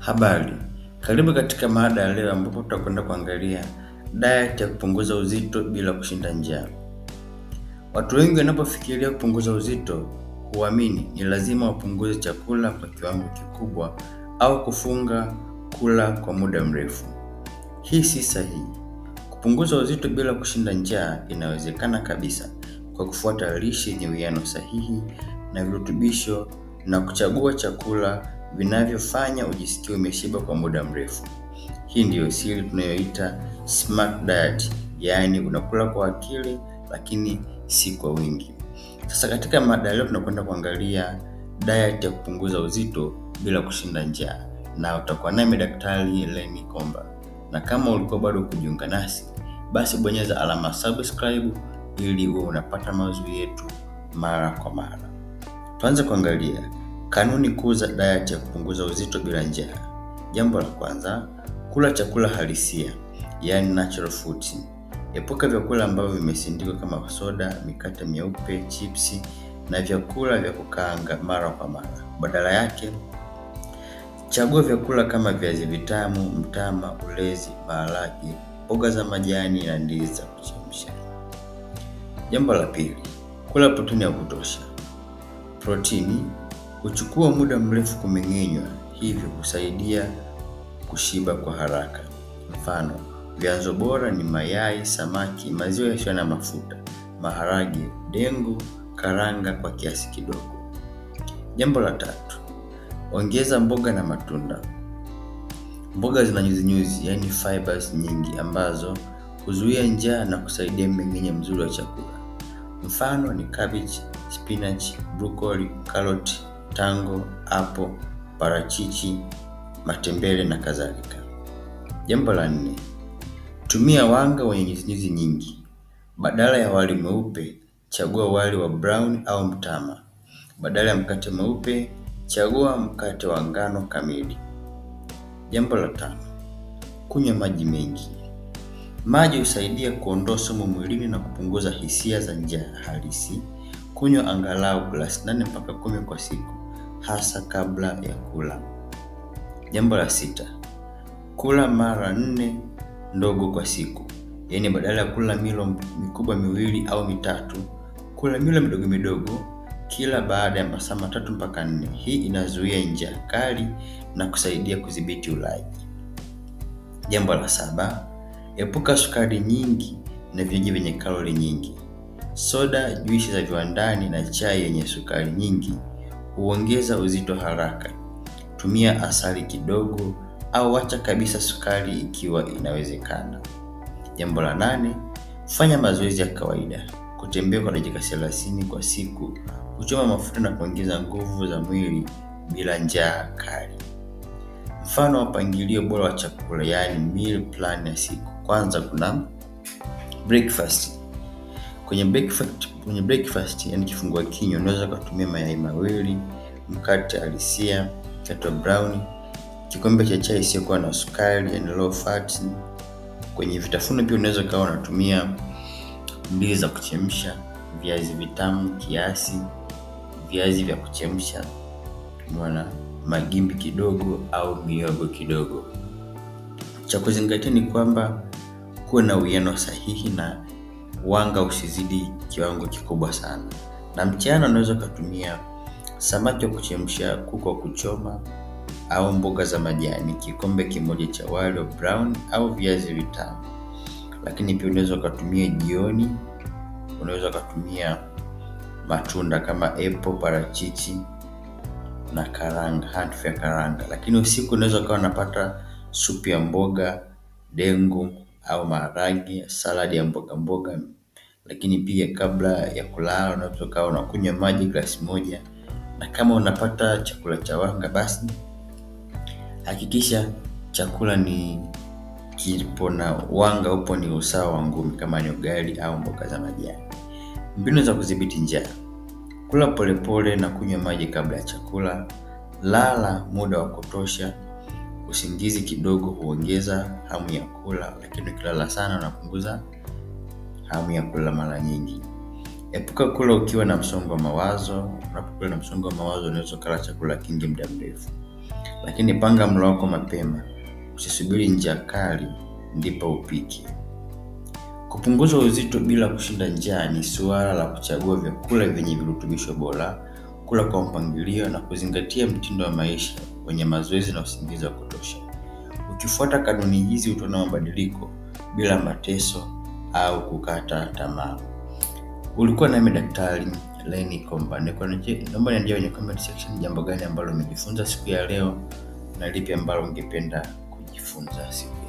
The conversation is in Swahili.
Habari, karibu katika mada ya leo ambapo tutakwenda kuangalia diet ya kupunguza uzito bila kushinda njaa. Watu wengi wanapofikiria kupunguza uzito huamini ni lazima wapunguze chakula kwa kiwango kikubwa au kufunga kula kwa muda mrefu. Hii si sahihi. Kupunguza uzito bila kushinda njaa inawezekana kabisa kwa kufuata lishe yenye uwiano sahihi na virutubisho na kuchagua chakula vinavyofanya ujisikie umeshiba kwa muda mrefu. Hii ndiyo siri tunayoita smart diet, yaani unakula kwa akili lakini si kwa wingi. Sasa katika mada leo tunakwenda kuangalia diet ya kupunguza uzito bila kushinda njaa, na utakuwa nami Daktari Lenny Komba, na kama ulikuwa bado kujiunga nasi, basi bonyeza alama subscribe ili uwe unapata mazuri yetu mara kwa mara. Tuanze kuangalia Kanuni kuu za diet ya kupunguza uzito bila njaa. Jambo la kwanza, kula chakula halisia, yani natural food. Epuka vyakula ambavyo vimesindikwa kama soda, mikate myeupe, chipsi na vyakula vya kukaanga mara kwa mara. Badala yake, chagua vyakula kama viazi vitamu, mtama, ulezi, maharage, mboga za majani na ndizi za kuchemsha. Jambo la pili, kula protini ya kutosha. Protini huchukua muda mrefu kumeng'enywa, hivyo husaidia kushiba kwa haraka. Mfano, vyanzo bora ni mayai, samaki, maziwa yasiyo na mafuta, maharage, dengu, karanga kwa kiasi kidogo. Jambo la tatu, ongeza mboga na matunda. Mboga zina nyuzinyuzi, yaani fibers nyingi ambazo huzuia njaa na kusaidia mmeng'enyo mzuri wa chakula. Mfano ni cabbage, spinach, broccoli, karoti tango, apo, parachichi, matembele na kadhalika. Jambo la nne, tumia wanga wenye nyuzinyuzi nyingi. Badala ya wali mweupe, chagua wali wa brown au mtama. Badala ya mkate mweupe, chagua mkate wa ngano kamili. Jambo la tano, kunywa maji mengi. Maji husaidia kuondoa sumu mwilini na kupunguza hisia za njaa halisi. Kunywa angalau glasi nane mpaka kumi kwa siku hasa kabla ya kula. Jambo la sita, kula mara nne ndogo kwa siku, yaani badala ya kula milo mikubwa miwili au mitatu, kula milo midogo midogo kila baada ya masaa matatu mpaka nne. Hii inazuia njaa kali na kusaidia kudhibiti ulaji. Jambo la saba, epuka sukari nyingi na vinywaji vyenye kalori nyingi. Soda, juisi za viwandani na chai yenye sukari nyingi huongeza uzito haraka. Tumia asali kidogo au wacha kabisa sukari ikiwa inawezekana. Jambo la nane, fanya mazoezi ya kawaida. Kutembea kwa dakika thelathini kwa siku huchoma mafuta na kuongeza nguvu za mwili bila njaa kali. Mfano wa mpangilio bora wa chakula, yaani meal plan ya siku. Kwanza kuna breakfast Kwenye breakfast, kwenye breakfast yani kifungua kinywa unaweza kutumia mayai mawili, mkate alisia, mkate brown, kikombe cha chai isiyokuwa na sukari and low fat. Kwenye vitafuno pia unaweza ukawa unatumia mbili za kuchemsha, viazi vitamu kiasi, viazi vya kuchemsha, mwana magimbi kidogo au miogo kidogo. Cha kuzingatia ni kwamba kuwa na uwiano sahihi na wanga usizidi kiwango kikubwa sana, na mchana unaweza ukatumia samaki wa kuchemsha, kuku wa kuchoma au mboga za majani, kikombe kimoja cha wali wa brown au viazi vitamu. Lakini pia unaweza ukatumia jioni, unaweza ukatumia matunda kama apple, parachichi na karanga, hanf ya karanga. Lakini usiku unaweza ukawa unapata supu ya mboga, dengu au maharage, saladi ya mboga. lakini pia kabla ya kulala unaweza ukawa unakunywa maji glasi moja, na kama unapata chakula cha wanga basi hakikisha chakula ni kipo na wanga upo ni usawa wa ngumi, kama ni ugali au mboga za majani. Mbinu za kudhibiti njaa: kula polepole na kunywa maji kabla ya chakula. Lala muda wa kutosha. Usingizi kidogo huongeza hamu ya kula, lakini ukilala sana unapunguza hamu ya kula mara nyingi. Epuka kula ukiwa na msongo wa mawazo. Unapokula na msongo wa mawazo, unaweza kula chakula kingi muda mrefu, lakini panga mlo wako mapema, usisubiri njaa kali ndipo upike. Kupunguza uzito bila kushinda njaa ni suala la kuchagua vyakula vyenye virutubisho bora, kula kwa mpangilio na kuzingatia mtindo wa maisha wenye mazoezi na usingizi wa kutosha. Ukifuata kanuni hizi utaona mabadiliko bila mateso au kukata tamaa. Ulikuwa nami Daktari Lenny Komba. Naomba niandie kwenye comment section jambo gani ambalo umejifunza siku ya leo na lipi ambalo ungependa kujifunza siku